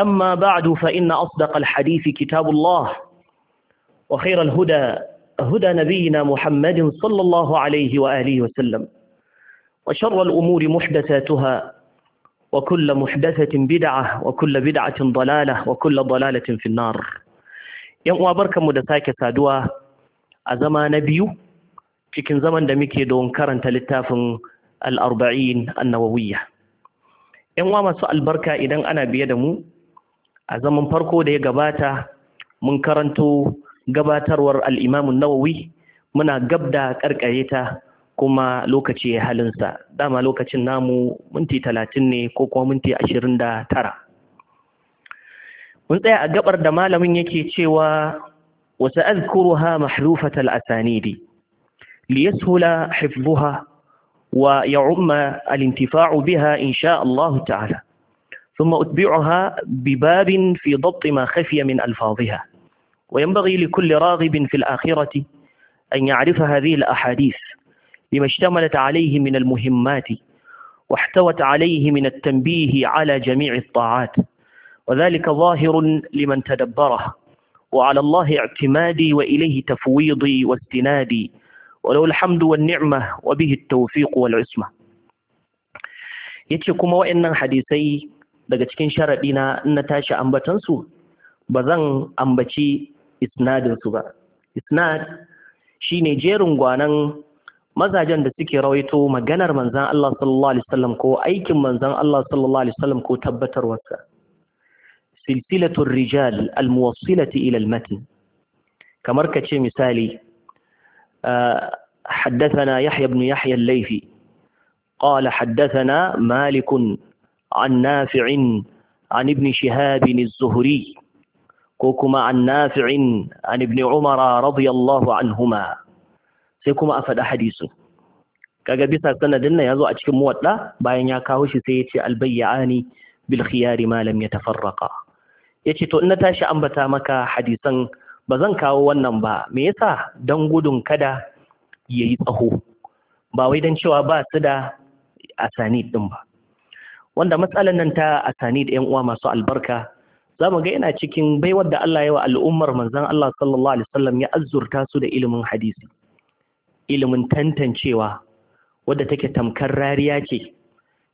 أما بعد فإن أصدق الحديث كتاب الله وخير الهدى هدى نبينا محمد صلى الله عليه وآله وسلم وشر الأمور محدثاتها وكل محدثة بدعة وكل بدعة ضلالة وكل ضلالة في النار يوم أبرك مدساك سادوا أزما نبيو لكن زمن دميكي دون don karanta الأربعين النووية arbain an سأل بركة uwa أنا بيدمو a zaman farko da ya gabata mun karanto gabatarwar al'imamun nawawi muna gab da karkare ta kuma lokaci ya halinsa dama lokacin namu minti talatin ne ko kuma minti ashirin da tara mun tsaya a gabar da malamin yake cewa wasu azkuruha mahrufatal liyas liyashula hifbuha wa ya'umma al-intifa'u biha insha Allah ta'ala ثم أتبعها بباب في ضبط ما خفي من ألفاظها وينبغي لكل راغب في الآخرة أن يعرف هذه الأحاديث لما اشتملت عليه من المهمات واحتوت عليه من التنبيه على جميع الطاعات وذلك ظاهر لمن تدبره وعلى الله اعتمادي وإليه تفويضي واستنادي وله الحمد والنعمة وبه التوفيق والعصمة يتشكم وإن حديثي daga cikin sharaɗi na na tashi ambatansu ba zan ambaci isnadinsu ba isnad ne jerin gwanan mazajen da suke rawaito maganar manzan Allah sallallahu alaihi wasallam ko aikin manzan Allah sallallahu alaihi wasallam ko tabbatarwarsa silsilatul rijal al muwassilati ila almatn kamar ka ce misali حدثنا يحيى بن يحيى الليفي قال حدثنا مالك an nafi'in an ibn shihabin az-zuhri ko kuma an nafi'in an ibn umara radiyallahu anhuma sai kuma a faɗi hadisin kaga bisa sanadin nan yazo a cikin muwadda bayan ya kawo shi sai ya ce albayyani bil khiyari ma lam yatafarraqa yace to in na tashi ambata maka hadisan ba zan kawo wannan ba me yasa dan gudun kada yayi tsaho ba wai dan cewa ba su da asani din ba wanda matsalan nan ta asani da 'yan uwa masu albarka za mu ga yana cikin baiwar da Allah ya wa al'ummar manzan Allah sallallahu alaihi wasallam ya azurta su da ilimin hadisi ilimin tantancewa wadda take tamkar rariya ce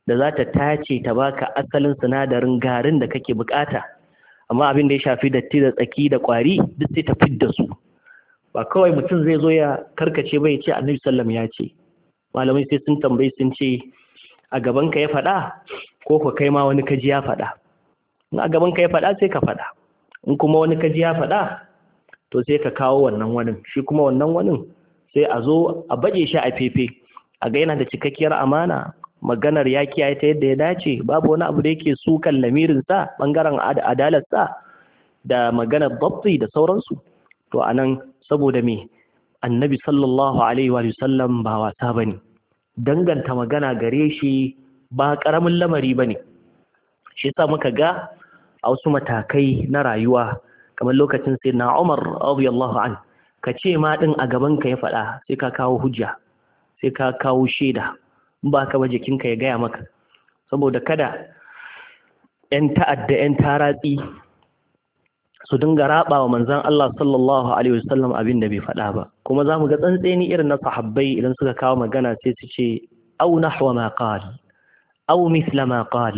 da za ta tace ta baka asalin sinadarin garin da kake bukata amma abin da ya shafi datti da tsaki da kwari duk sai ta da su ba kawai mutum zai zo ya karkace bai ce annabi sallam ya ce malamai sai sun tambayi sun ce a gabanka ya faɗa ko ku kai ma wani kaji ya faɗa in a gabanka ya faɗa sai ka faɗa in kuma wani kaji ya faɗa to sai ka kawo wannan wanin shi kuma wannan wanin sai a zo a baje shi a fefe a ga yana da cikakkiyar amana maganar ya kiyaye ta yadda ya dace babu wani abu da yake su sukan sa bangaren adalarsa da maganar babti da sauransu to anan saboda me annabi sallallahu alaihi wa sallam ba wasa bane danganta magana gare shi ba ƙaramin lamari ba ne shi sa muka ga a wasu matakai na rayuwa kamar lokacin sai na umar radiyallahu an ka ce ma ɗin a gabanka ya faɗa sai ka kawo hujja sai ka kawo shaida in ba ka ba jikinka ya gaya maka saboda kada 'yan ta'adda 'yan taratsi su dinga raba wa manzon Allah sallallahu alaihi wasallam abin da bai faɗa ba kuma za mu ga tsantseni irin na sahabbai idan suka kawo magana sai su ce au nahwa ma qal au mithla ma qal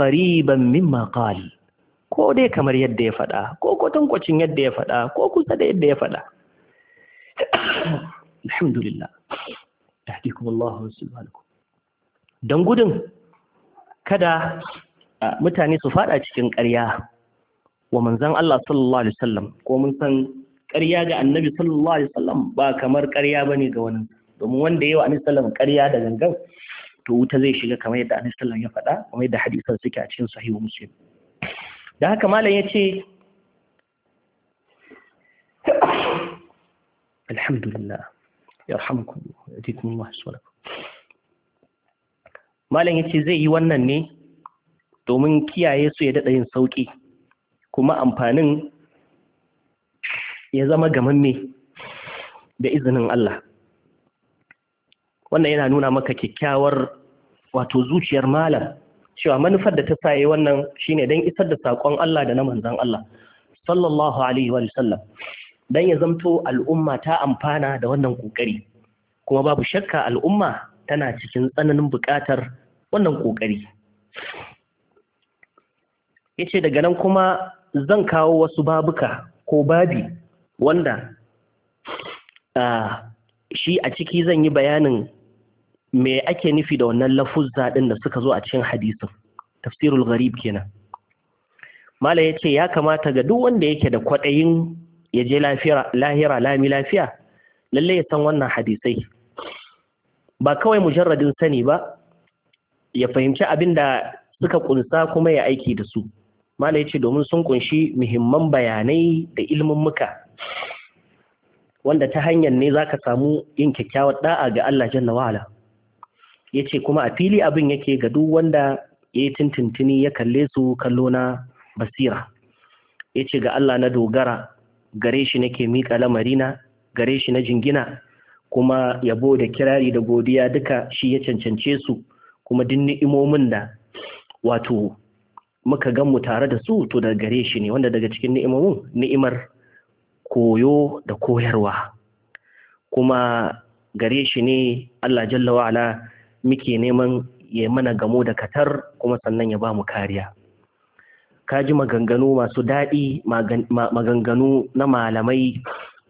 qariban mimma qal ko dai kamar yadda ya faɗa ko kwatankwacin yadda ya faɗa ko kusa da yadda ya faɗa alhamdulillah yahdikum Allah wa dan gudun kada mutane su faɗa cikin ƙarya wa manzan Allah sallallahu alaihi wasallam ko mun san ƙarya ga annabi sallallahu alaihi wasallam ba kamar ƙarya ne ga wani domin wanda ya yi wa annabi sallallahu ƙarya da gangan to wuta zai shiga kamar yadda annabi sallallahu ya faɗa kamar yadda hadisan suke a cikin sahihu muslim da haka malam ya ce, alhamdulillah yarhamukum yatikum Allah subhanahu malam yace zai yi wannan ne domin kiyaye su ya daɗa yin sauƙi. kuma amfanin ya zama gamamme da izinin Allah wannan yana nuna maka kyakkyawar wato zuciyar malam cewa manufar da ta saye wannan shine don isar da saƙon Allah da na manzan Allah sallallahu alaihi wa sallam don ya zamto al'umma ta amfana da wannan ƙoƙari kuma babu shakka al'umma tana cikin tsananin buƙatar wannan ƙoƙari ya ce daga nan kuma zan kawo wasu babuka ko babi wanda shi a ciki zan yi bayanin me ake nufi da wannan lafuzza ɗin da suka zo a cikin hadisin tafsirul gharib kenan mala ya ce ya kamata ga duk wanda yake da kwaɗayin ya je lahira lami lafiya lalle ya san wannan hadisai ba kawai mujarradin sani ba ya fahimci abin da suka kunsa kuma ya aiki da su mala ya ce domin sun kunshi muhimman bayanai da muka wanda ta hanyar ne za ka samu yin kyakkyawar da'a ga Allah jalla wa'ala ya ce kuma a fili abin yake ga duk wanda ya yi tuntuntuni ya kalle su kallo na basira ya ce ga Allah na dogara gare shi nake miƙa lamarina gare shi na jingina kuma yabo da kirari da godiya duka shi ya cancance su kuma duk ni'imomin da wato muka gan mu tare da su to daga gare shi ne wanda daga cikin ni'imomin ni'imar koyo da koyarwa kuma gare shi ne Allah jalla wa'ala muke neman ya mana gamo da katar kuma sannan ya ba mu kariya ka ji maganganu masu daɗi maganganu na malamai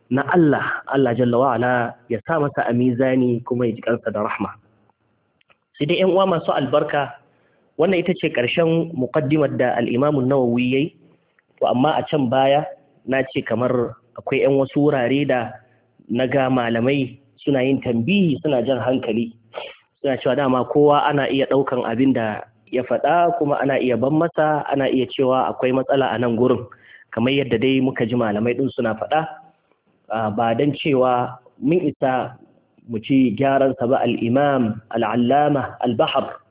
na Allah Allah jalla wa'ala ya sa masa amizani, kuma ya ji kansa da rahma sai dai 'yan uwa masu albarka wannan ita ce ƙarshen muƙaddimar da al'imamun nawawi yayi to amma a can baya na ce kamar akwai 'yan wasu wurare da na ga malamai suna yin tambihi suna jan hankali suna cewa dama kowa ana iya ɗaukan abin da ya faɗa kuma ana iya ban masa ana iya cewa akwai matsala a nan gurin kamar yadda dai muka ji malamai ɗin suna faɗa ba don cewa mun isa mu ci gyaransa ba al'imam al'allama al-bahar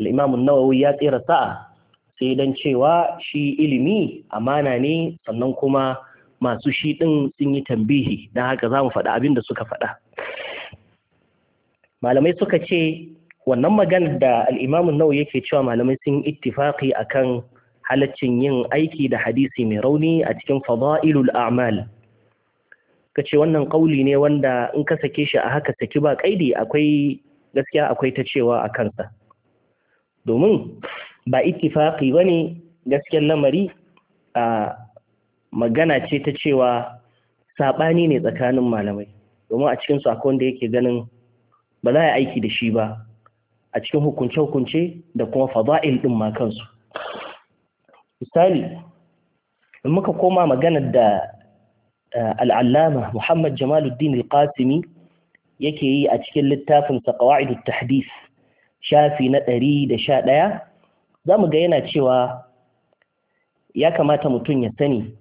al’imamun nawa nawawi ya tsira sa'a sai don cewa shi ilimi amana ne sannan kuma masu shi din sun yi tambihi dan haka za mu faɗa abin da suka faɗa malamai suka ce wannan maganar da al’imamun nawa nawawi yake cewa malamai sun ittifaqi akan halaccin yin aiki da hadisi mai rauni a cikin fada'ilul a'mal ka ce wannan ƙauli ne wanda in ka sake shi a haka saki ba kaidi akwai gaskiya akwai ta cewa a kansa domin ba ittifaqi bane gasken lamari a magana ce ta cewa saɓani ne tsakanin malamai domin a cikin akwai da yake ganin ba za a aiki da shi ba a cikin hukunce-hukunce da kuma fada'il ɗin ma kansu misali in muka koma maganar da al'allama muhammad jamaluddin al-qasimi yake yi a cikin littafin qawa'idut tahdith shafi na ɗari da sha ɗaya za mu ga yana cewa ya kamata mutum ya sani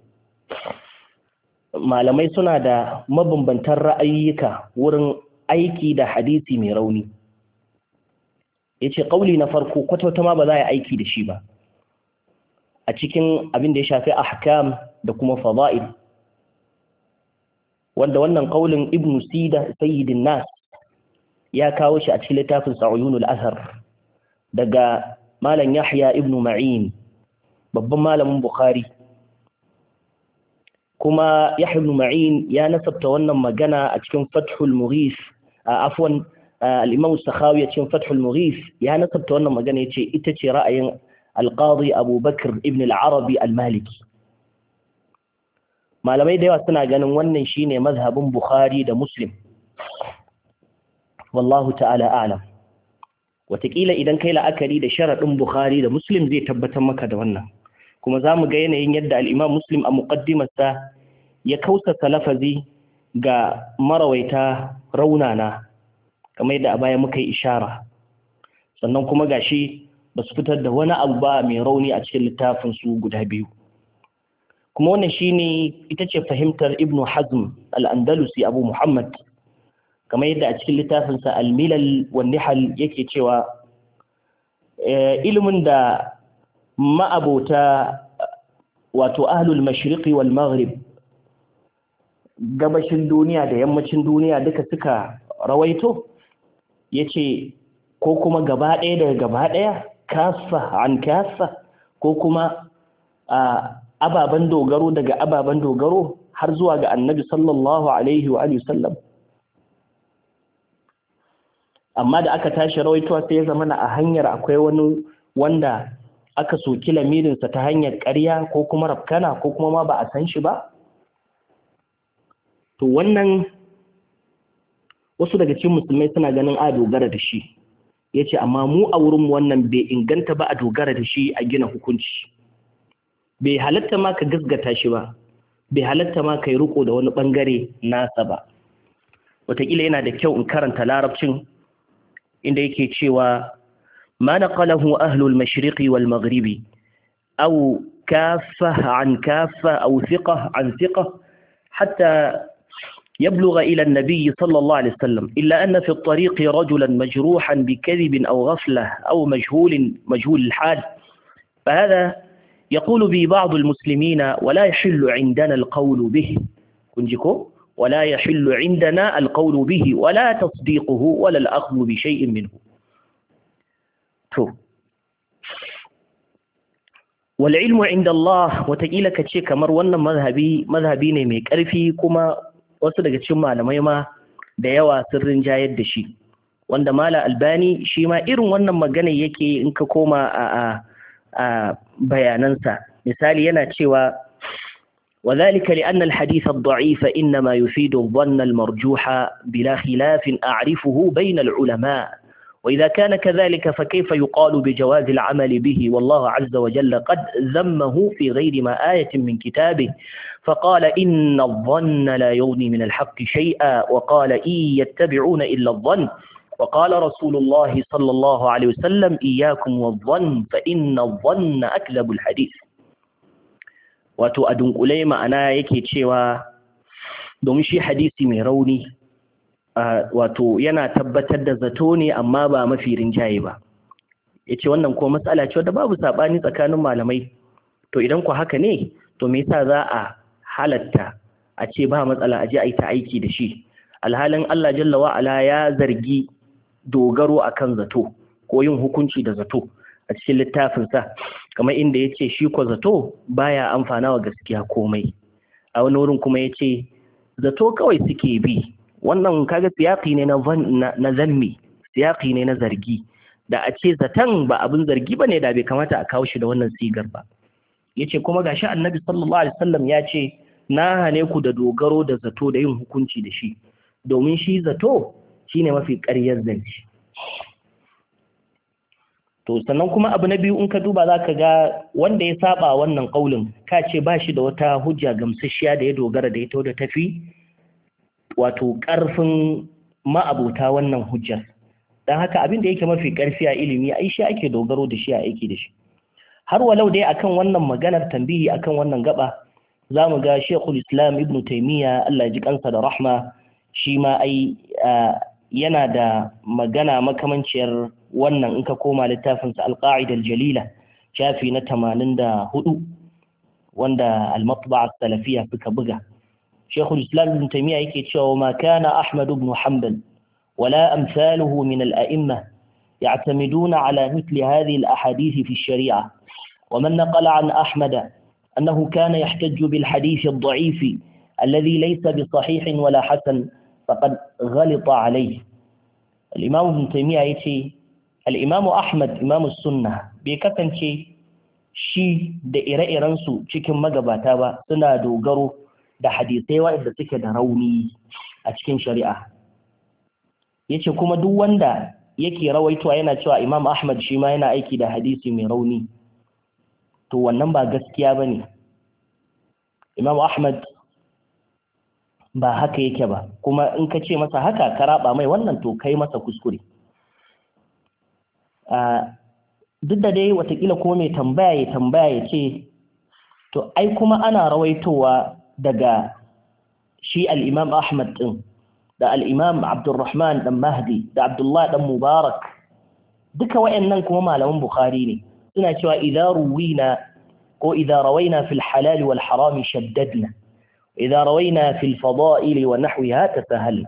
malamai suna da mabambantan ra'ayyuka wurin aiki da hadisi mai rauni ya ce ƙauli na farko kwatauta ma ba za a yi aiki da shi ba a cikin abin da ya shafi ahkam da kuma fada'il wanda wannan ƙaulin ibn sida sayyidin nas ya kawo shi a cikin littafin sa'uyunul azhar daga malam yahya ibnu ma'in babban malamin bukhari kuma yahya ibnu ma'in ya nasabta wannan magana a cikin fathul mughis afwan al-imam sakhawi a cikin fathul mughis ya nasabta wannan magana yace ita ce ra'ayin al-qadi abubakar ibn al-arabi al-maliki malamai da yawa suna ganin wannan shine mazhabin bukhari da muslim wallahu ta'ala alam wataƙila idan kai la'akari da sharaɗin bukhari da muslim zai tabbatar maka da wannan kuma za mu ga yanayin yadda al'imam muslim a muƙaddimarsa ya kausa lafazi ga marawaita raunana kamar yadda a baya muka yi ishara sannan kuma gashi ba su fitar da wani abu ba mai rauni a cikin littafin su guda biyu kuma wannan shine ita ce fahimtar ibnu hazm al-andalusi abu muhammad kamar yadda a cikin littafinsa almilal wa nihal yake cewa eh, ilimin da ma'abota wato ahlul mashriqi wal maghrib gabashin duniya da yammacin duniya duka suka rawaito yace ko kuma gaba ɗaya daga gaba ɗaya kasa an kasa ko kuma ababen dogaro daga ababen dogaro har zuwa ga annabi sallallahu alaihi wa sallam amma da aka tashi rawaitowa sai ya zama a hanyar akwai wani wanda aka soki lamirinsa ta hanyar ƙarya ko kuma rafkana ko kuma ma ba a san shi ba to wannan wasu daga cikin musulmai suna ganin a dogara da shi yace amma mu a wurin wannan bai inganta ba a dogara da shi a gina hukunci bai halatta ma ka gasgata shi ba bai halatta ma ka yi riko da wani bangare nasa ba wataƙila yana da kyau in karanta larabcin inda yake cewa ma naqalahu ahlul mashriqi wal maghribi aw كافة عن كافة أو ثقة عن ثقة حتى يبلغ إلى النبي صلى الله عليه وسلم إلا أن في الطريق رجلا مجروحا بكذب أو غفلة أو مجهول مجهول الحال فهذا يقول به بعض المسلمين ولا يحل عندنا القول به كنجيكو ولا يحل عندنا القول به ولا تصديقه ولا الأخذ بشيء منه to wal ilmu inda Allah watakila ka ce kamar wannan mazhabi mazhabi ne mai ƙarfi kuma wasu daga cikin malamai ma da yawa sun rinjayar da shi wanda mala albani shi ma irin wannan magana yake in ka koma a a, a bayanansa misali yana cewa وذلك لأن الحديث الضعيف إنما يفيد الظن المرجوح بلا خلاف أعرفه بين العلماء وإذا كان كذلك فكيف يقال بجواز العمل به والله عز وجل قد ذمه في غير ما آية من كتابه فقال إن الظن لا يغني من الحق شيئا وقال إن يتبعون إلا الظن وقال رسول الله صلى الله عليه وسلم إياكم والظن فإن الظن أكذب الحديث wato a dunƙule ma'ana yake cewa domin shi hadisi mai rauni wato yana tabbatar da zato ne amma ba mafi rinjaye ba ya ce wannan ko matsala ce wadda babu saɓani tsakanin malamai to idan ku haka ne to me yasa za a halatta a ce ba matsala a je a yi ta aiki da shi alhalin Allah jalla wa'ala ya zargi dogaro akan zato ko yin hukunci da zato a cikin littafin sa kamar inda ya ce shi ko zato baya amfana wa gaskiya komai a wani wurin kuma ya ce zato kawai suke bi wannan kaga siyaƙi ne na zalmi siyaƙi ne na zargi da a ce zaton ba abin zargi ba ne da bai kamata a kawo shi da wannan sigar ba ya ce kuma gashi annabi sallallahu alaihi wasallam ya ce na hane ku da dogaro da zato da yin hukunci da shi domin shi zato shine mafi karyar zance to sannan kuma abu na biyu in ka duba za ka ga wanda ya saba wannan ƙaulin ka ce ba shi da wata hujja gamsasshiya da ya dogara da ita da tafi wato ƙarfin ma'abota wannan hujjar don haka abin da yake mafi ƙarfi a ilimi ai shi ake dogaro da shi a aiki da shi har walau dai akan wannan maganar tambihi akan wannan gaba za mu ga shekul islam ibn taimiyya allah ji kansa da rahma shi ma ai ah, yana da magana makamanciyar wannan in ka koma littafinsa alƙa'idar jalila shafi na tamanin da hudu wanda al-matba salafiya suka buga shekul islam ibn taimiyya yake cewa ma kana ahmad ibn hanbal wala amsaluhu min al-a'imma يعتمدون على مثل هذه الأحاديث في الشريعة ومن نقل عن أحمد أنه كان يحتج بالحديث الضعيف الذي ليس بصحيح ولا حسن faqad ghalita alayhi al-imam ibn taymiya yace al-imam ahmad Imamu sunna bai kasance shi da ire-iren su cikin magabata ba suna dogaro da hadisai waɗanda suke da rauni a cikin shari'a yace kuma duk wanda yake rawaitowa yana cewa imam ahmad shi ma yana aiki da hadisi mai rauni to wannan ba gaskiya bane imam ahmad ba haka yake ba kuma in ka ce masa haka ka raba mai wannan to kai masa kuskure duk da dai watakila ko mai tambaya ya tambaya ya ce to ai kuma ana rawaitowa daga shi al'imam ahmad ɗin da al'imam abdulrahman Dan mahdi da Abdullahi Dan mubarak duka wayannan kuma malaman bukhari ne suna cewa idan ruwina ko idan rawaina fil halali wal harami shaddadna idza rawaina fil fada'il wa nahwiha tasahal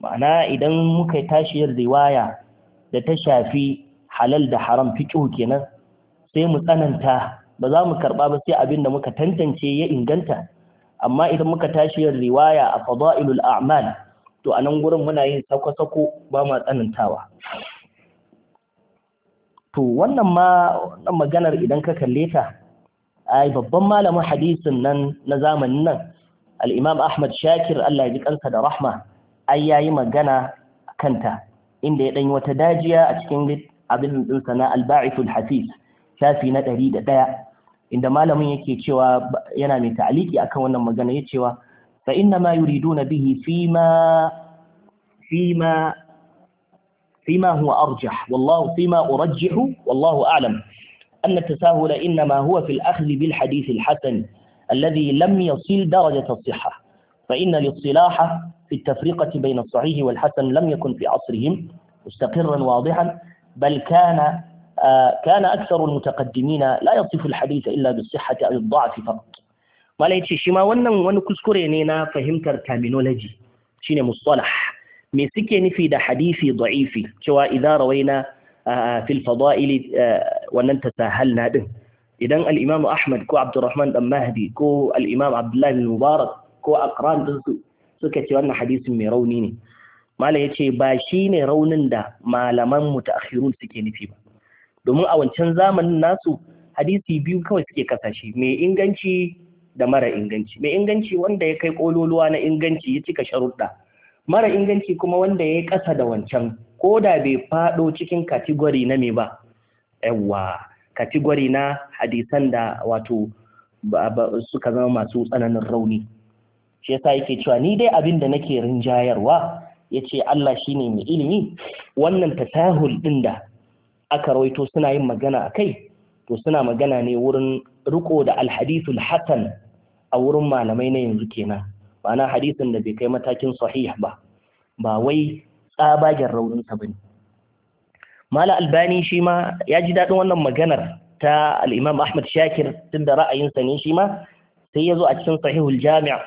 ma'ana idan muka tashi riwaya da ta shafi halal da haram fiqhu kenan sai mu tsananta ba za mu karba ba sai abin da muka tantance ya inganta amma idan muka tashi riwaya a fada'ilul a'mal to a nan gurin muna yin sako-sako ba ma tsanantawa to wannan ma wannan maganar idan ka kalle ta ai babban malamin hadisin nan na zamanin nan الإمام أحمد شاكر الله يجيك أنك دا رحمة أي يما قنا كنت إن دي قين وتداجيا أتكين لد أبن دلتنا الباعث الحفيف شافي نتهريد دا إن دا مالا من يكي تشوى ينامي تعليكي أكونا مجانا يتشوى فإنما يريدون به فيما فيما فيما هو أرجح والله فيما أرجح والله أعلم أن التساهل إنما هو في الأخذ بالحديث الحسن الذي لم يصل درجة الصحة فإن الاصطلاح في التفرقة بين الصحيح والحسن لم يكن في عصرهم مستقرا واضحا بل كان آه، كان أكثر المتقدمين لا يصف الحديث إلا بالصحة أو الضعف فقط ما لقيت شيء ما ون ون كسكرينينا فهمت الكامينولوجي شين مصطلح مسكني في ده حديث ضعيف شو إذا روينا آه، في الفضائل آه، وننتساهلنا تساهلنا idan Al'imam Ahmad ko Abdurrahman ɗan Mahdi ko Al'imam Abdullahi Mubarak ko Akran su suka ce wannan hadisin mai rauni ne malam ya ce ba shi ne raunin da malaman mutaakhirun suke nufi ba domin a wancan zamanin nasu hadisi biyu kawai suke kasashe mai inganci da mara inganci mai inganci wanda ya kai ƙololuwa na inganci ya cika sharuɗa mara inganci kuma wanda ya yi ƙasa da wancan ko da bai faɗo cikin katigori na me ba yawwa Katigori na hadisan da wato suka zama masu tsananin rauni shi yasa yake cewa ni dai abin da nake rinjayarwa yace Allah shine mai ilimi wannan tasahul din da aka rawaito suna yin magana akai to suna magana ne wurin riko da alhadithul hasan a wurin malamai na yanzu kenan ma'ana hadisin da bai kai matakin sahih ba ba wai tsabagen raunin ba ne. mala albani shi ma ya ji daɗin wannan maganar ta al'imam ahmad shakir tun da ra'ayinsa ne shi ma sai ya zo a cikin sahihul jami'a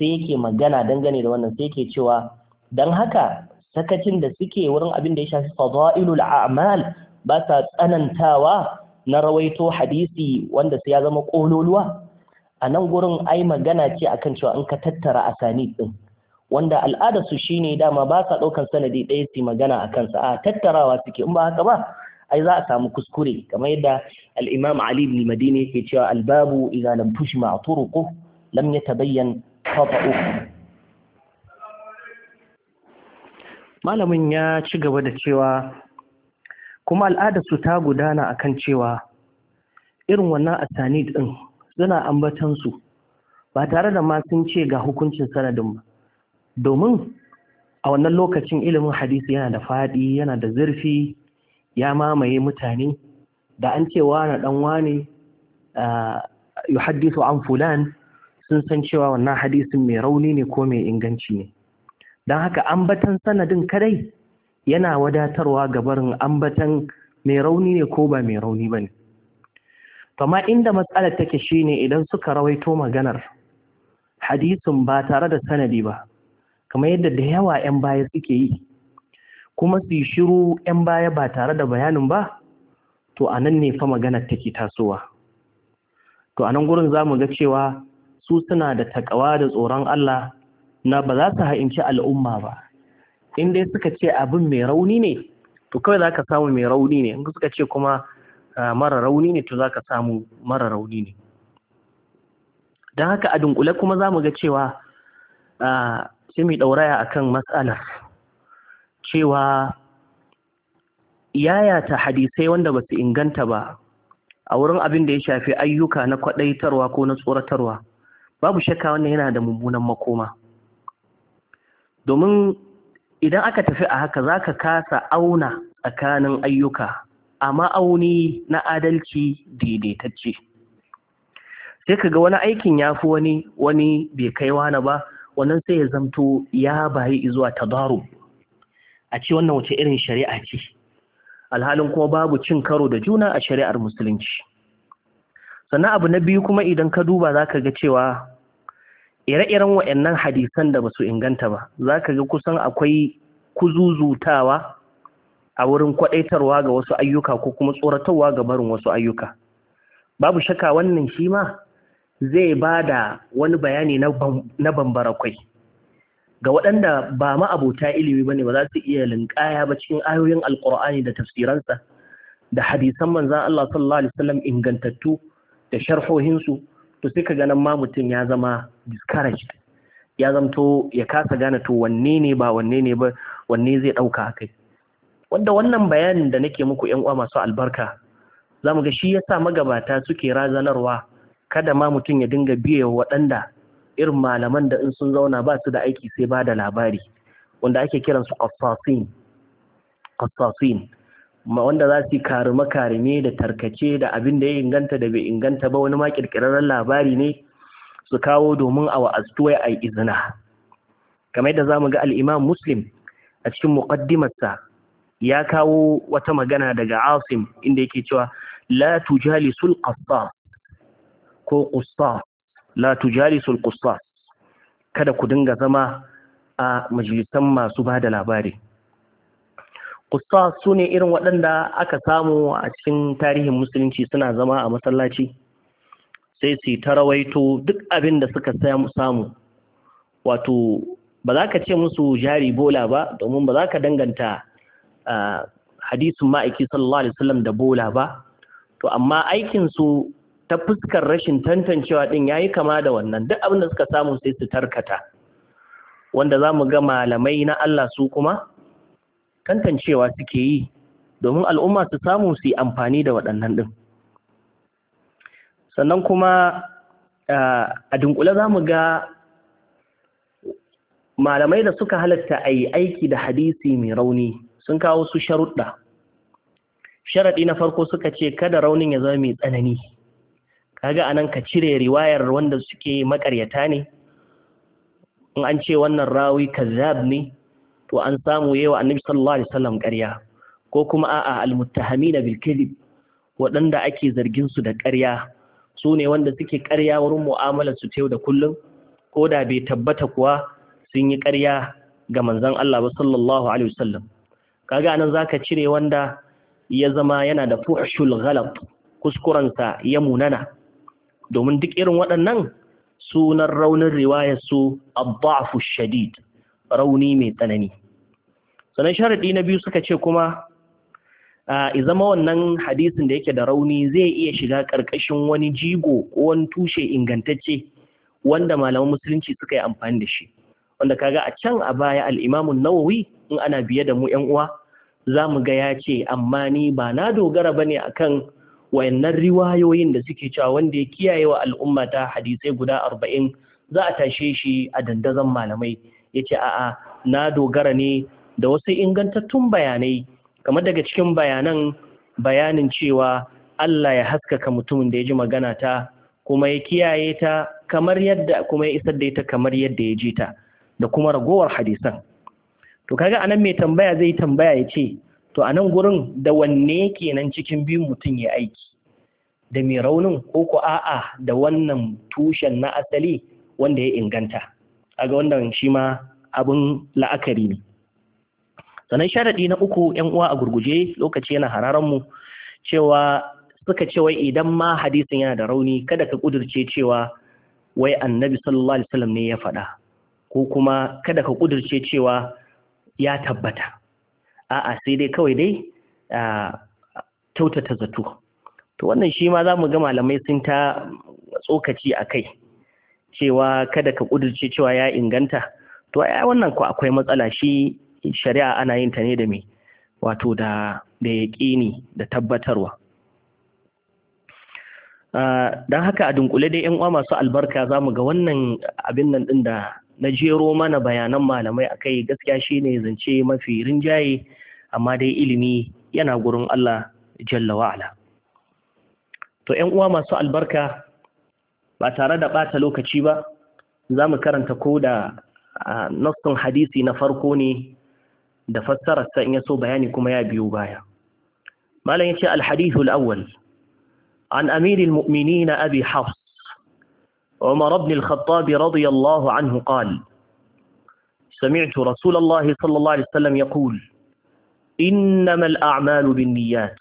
sai yake magana dangane da wannan sai yake cewa don haka sakacin da suke wurin abin da ya shafi fadailul a'mal ba sa tsanantawa na rawaito hadisi wanda sai ya zama kololuwa a nan gurin ai magana ce akan cewa in ka tattara asanid din wanda al'adar su shine dama ba sa ɗaukar sanadi ɗaya su magana a kansa a tattarawa suke in ba haka ba ai za a samu kuskure kamar yadda al-Imam Ali ibn Madini yake cewa al-babu idza lam tushma turuqu lam yatabayyan khata'u malamin ya ci gaba da cewa kuma al'adar su ta gudana akan cewa irin wannan asanid din suna ambatan su ba tare da ma sun ce ga hukuncin sanadin ba domin a wannan lokacin ilimin hadisi yana da faɗi yana da zurfi ya mamaye mutane da an cewa na ɗan wane hadisu an fulan sun san cewa wannan hadisin mai rauni ne ko mai inganci ne don haka ambatan sanadin kadai yana wadatarwa ga barin ambatan mai rauni ne ko ba mai rauni ba ne amma inda matsalar take shine idan suka rawaito maganar hadisin ba tare da sanadi ba kamar yadda da yawa 'yan baya suke yi kuma su yi shiru 'yan baya ba tare da bayanin ba to a nan ne fa maganar take tasowa to a nan gurin za mu ga cewa su suna da takawa da tsoron Allah na ba za su ha'inci al'umma ba in dai suka ce abin mai rauni ne to kawai za ka samu mai rauni ne in suka ce kuma ah, mara rauni ne to za ka samu mara rauni ne don haka a dunkule kuma za mu ga cewa ah, sai mai ɗauraya a kan matsalar cewa yayata hadisai wanda ba su inganta ba a wurin abin da ya shafi ayyuka na kwaɗaitarwa ko na tsoratarwa babu shakka wannan yana da mummunan makoma domin idan aka tafi a haka za ka kasa auna tsakanin ayyuka a ma'auni na adalci daidaitacce sai ka ga wani aikin ya fi wani wani bai kaiwa wani ba wannan sai ya zamto ya bayi zuwa tadarub a ce wannan wace irin shari'a ce alhalin kuma babu cin karo da juna a shari'ar musulunci sannan abu na biyu kuma idan ka duba za ka ga cewa ire-iren waɗannan hadisan da ba su inganta ba za ka ga kusan akwai kuzuzutawa a wurin kwaɗaitarwa ga wasu ayyuka ko kuma tsoratarwa ga barin wasu ayyuka babu shaka wannan shi ma zai ba da wani bayani na bambara kwai ga waɗanda ba ma'abota ilimi ba ne ba za su iya linƙaya ba cikin ayoyin alƙur'ani da tafsiransa da hadisan manzan Allah sallallahu alaihi wasallam ingantattu da sharhohinsu to sai ka ganin ma mutum ya zama discouraged ya zamto ya kasa gane to wanne ne ba wanne ne ba wanne zai ɗauka kai wanda wannan bayanin da nake muku yan uwa masu albarka za mu ga shi ya sa magabata suke razanarwa kada ma mutum ya dinga biye waɗanda irin malaman da in sun zauna ba su da aiki sai ba da labari wanda ake kiran su ma wanda za su yi karime karime da tarkace da abin da ya inganta da bai inganta ba wani ma kirkirarren labari ne su kawo domin a wa'aztuwa a izina kamar yadda mu ga al-Imam Muslim a cikin muƙaddimarsa ya kawo wata magana daga Asim inda yake cewa la tujalisul qassas ko qussa la tujalisul kada ku dinga zama a majalisan masu ba da labari qussa su ne irin waɗanda aka samu a cikin tarihin musulunci suna zama a masallaci sai su ta rawaito duk abin da suka samu wato ba za ka ce musu jari bola ba domin ba za ka danganta ah, hadisin ma'aiki sallallahu alaihi wasallam da bola ba to amma aikinsu. ta fuskar rashin tantancewa din yayi kama da wannan duk abin da suka samu sai su tarkata wanda za mu ga malamai na Allah su kuma tantancewa suke yi domin al'umma su samu su yi amfani da waɗannan ɗin sannan kuma a dunkule za mu ga malamai da suka halatta a yi aiki da hadisi mai rauni sun kawo su sharuɗa sharaɗi na farko suka ce kada raunin ya zama mai tsanani kaga anan ka cire riwayar wanda suke makaryata ne in an ce wannan rawi kazzab ne to an samu yawa annabi sallallahu alaihi wasallam ƙarya ko kuma a'a almuttahamina bil kadhib waɗanda ake zargin su da ƙarya su ne wanda suke ƙarya wurin mu'amalar su ta yau da kullum ko da bai tabbata kuwa sun yi ƙarya ga manzon Allah ba sallallahu alaihi wasallam kaga anan zaka cire wanda ya zama yana da fuhshul ghalab kuskurensa ya munana domin duk irin waɗannan sunan raunin riwaya su abbafu shadid rauni mai tsanani sanan sharaɗi na biyu suka ce kuma izama wannan hadisin da yake da rauni zai iya shiga ƙarƙashin wani jigo ko wani tushe ingantacce wanda malaman musulunci suka yi amfani da shi wanda ka ga a can a baya al'imamun nawawi in ana biye da mu ‘yan uwa za mu ga ya ce amma ni ba na dogara ba ne akan wayannan riwayoyin da suke cewa wanda ya kiyaye wa al'umma ta hadisai guda arba'in za a tashe shi a dandazon malamai ya ce a'a na dogara ne da wasu ingantattun bayanai kamar daga cikin bayanan bayanin cewa Allah ya haskaka mutumin da ya ji magana ta kuma ya kiyaye ta kamar yadda kuma ya isar da ita kamar yadda ya ji ta da kuma ragowar hadisan to kaga anan mai tambaya zai tambaya ya ce to a nan gurin da wanne kenan cikin biyun mutum ya aiki da mai raunin ko ko a'a da wannan tushen na asali wanda ya inganta A ga wannan shi ma abin la'akari ne sannan sharaɗi na uku yan uwa a gurguje lokaci yana hararan mu cewa suka ce wai idan ma hadisin yana da rauni kada ka kudirce cewa wai annabi sallallahu alaihi wasallam ne ya faɗa ko kuma kada ka kudirce cewa ya tabbata a'a sai dai kawai dai a kyautata zato to wannan shi ma za mu ga malamai sun ta tsokaci a kai cewa kada ka ƙudurce cewa ya inganta to ai wannan ko akwai matsala shi shari'a ana yin ta ne da me wato da da yaƙini da tabbatarwa don haka a dunkule dai yan uwa masu albarka za mu ga wannan abin nan ɗin da na jero mana bayanan malamai a kai gaskiya shine zance mafi rinjaye amma dai ilimi yana gurin Allah jalla wa'ala to ‘yan uwa masu albarka ba tare da ɓata lokaci ba za mu karanta ko da nassun hadisi na farko ne da fassararsa in ya so bayani kuma ya biyo baya malam ya ce alhadithul awwal an amiril mu'minina abi hafs عمر بن الخطاب رضي الله عنه قال سمعت رسول الله صلى الله عليه وسلم يقول إنما الأعمال بالنيات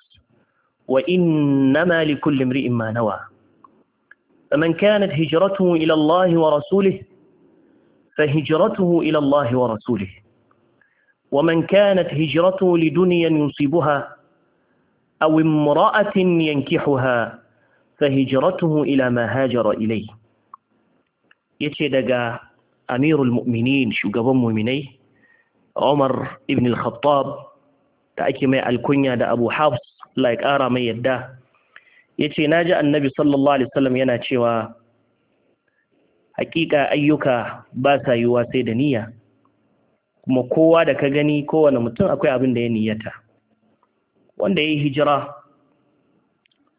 وإنما لكل امرئ ما نوى فمن كانت هجرته إلى الله ورسوله فهجرته إلى الله ورسوله ومن كانت هجرته لدنيا يصيبها أو امرأة ينكحها فهجرته إلى ما هاجر إليه yace daga amirul mu'minin shugaban mu'minai Umar ibn al-Khattab da ake mai alkunya da Abu Hafs Allah ƙara mai yadda yace naji annabi sallallahu alaihi wasallam yana cewa hakika ayyuka ba sa yiwuwa sai da niyya kuma kowa da ka gani kowane mutum akwai abin da ya niyyata wanda ya yi hijira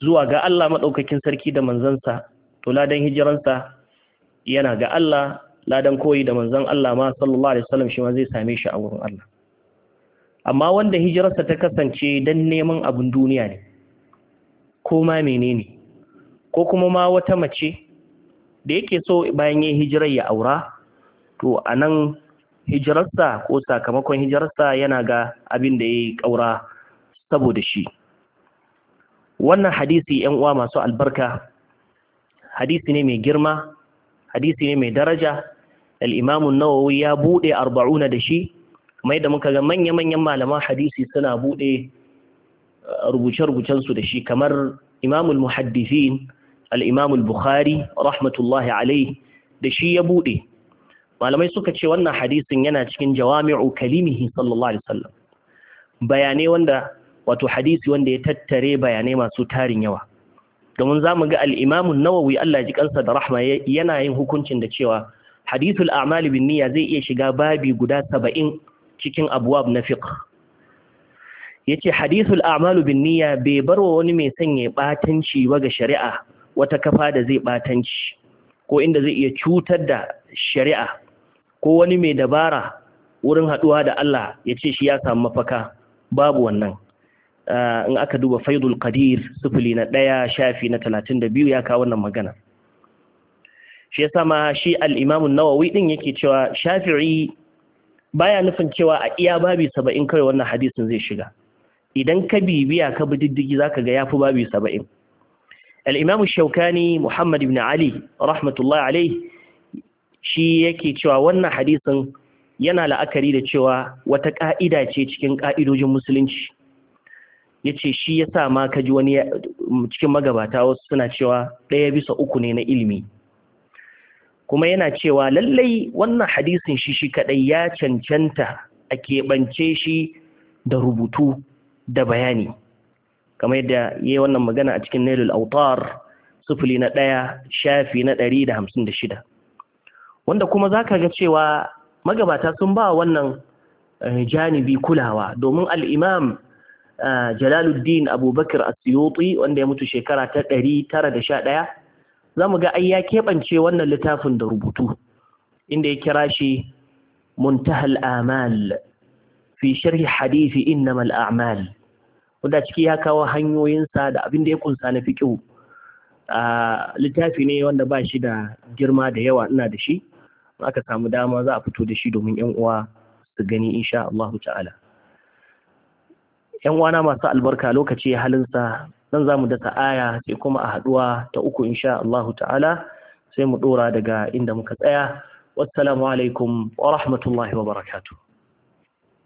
zuwa ga Allah maɗaukakin sarki da manzansa to ladan hijiransa yana ga Allah ladan koyi da manzon Allah ma sallallahu alaihi wasallam shi ma zai same shi a wurin Allah amma wanda hijirarsa ta kasance dan neman abin duniya ne ko ma menene ko kuma ma wata mace da yake so bayan yi hijirar ya aura to anan hijirarsa ko sakamakon hijirarsa yana ga abin da yayi kaura saboda shi wannan hadisi yan uwa masu albarka hadisi ne mai girma hadisi ne mai daraja al-imamu nawawi ya buɗe arba'una da shi kamar da muka ga manya-manyan malaman hadisi suna buɗe uh, rubuce-rubucensu da shi kamar imamul muhaddisin al'imamul bukhari rahmatullahi alai da shi ya buɗe malamai suka ce wannan hadisin yana cikin jawami'u kalimihi sallallahu alaihi wasallam bayanai wanda wato hadisi wanda ya tattare bayanai masu tarin yawa domin za mu ga al'imamun nawawi Allah ji kansa da rahma yana yin hukuncin da cewa hadithul a'mali bin niyya zai iya shiga babi guda saba'in cikin abuwab na fiqh ce hadithul a'malu bin niyya bai bar wa wani mai sanya batanci ba ga shari'a wata kafa da zai batanci ko inda zai iya cutar da shari'a ko wani mai dabara wurin haɗuwa da Allah ya ce shi ya samu mafaka babu wannan Ah, in aka duba faidul qadir sufuli na ɗaya shafi na talatin da biyu ya kawo wannan magana shi yasa ma shi al-imam an-nawawi din yake cewa shafi'i baya nufin cewa a iya babu saba'in kawai wannan hadisin zai shiga idan ka bibiya ka bi diddigi zaka ga yafi babu saba'in al shaukani muhammad ibn ali rahmatullahi alayhi shi yake cewa wannan hadisin yana la'akari da cewa wata ƙa'ida ce cikin ƙa'idojin musulunci ya ce shi ya sa ma ka ji wani cikin magabata wasu suna cewa ɗaya bisa uku ne na ilimi kuma yana cewa lallai wannan hadisin shi shi kaɗai ya cancanta a keɓance shi da rubutu da bayani kamar yadda ya yi wannan magana a cikin nailul autar sufuli na ɗaya shafi na ɗari da hamsin da shida wanda kuma za ka ga cewa magabata sun ba wannan eh, janibi kulawa domin al'imam Jalaluddin Abubakar Asyuti wanda ya mutu shekara ta 911 zamu ga ai ya kebance wannan littafin da rubutu inda ya kira shi Muntahal Amal fi sharhi hadisi innamal a'mal wanda ciki ya kawo hanyoyin sa da abin da ya kunsa na fiqh littafi ne wanda ba shi da girma da yawa ina da shi aka samu dama za a fito da shi domin yan uwa su gani insha Allah ta'ala yan uwana masu albarka lokaci halinsa nan za mu dasa aya sai kuma a haɗuwa ta uku insha Allah ta'ala sai mu ɗora daga inda muka tsaya wassalamu alaikum wa rahmatullahi wa barakatuh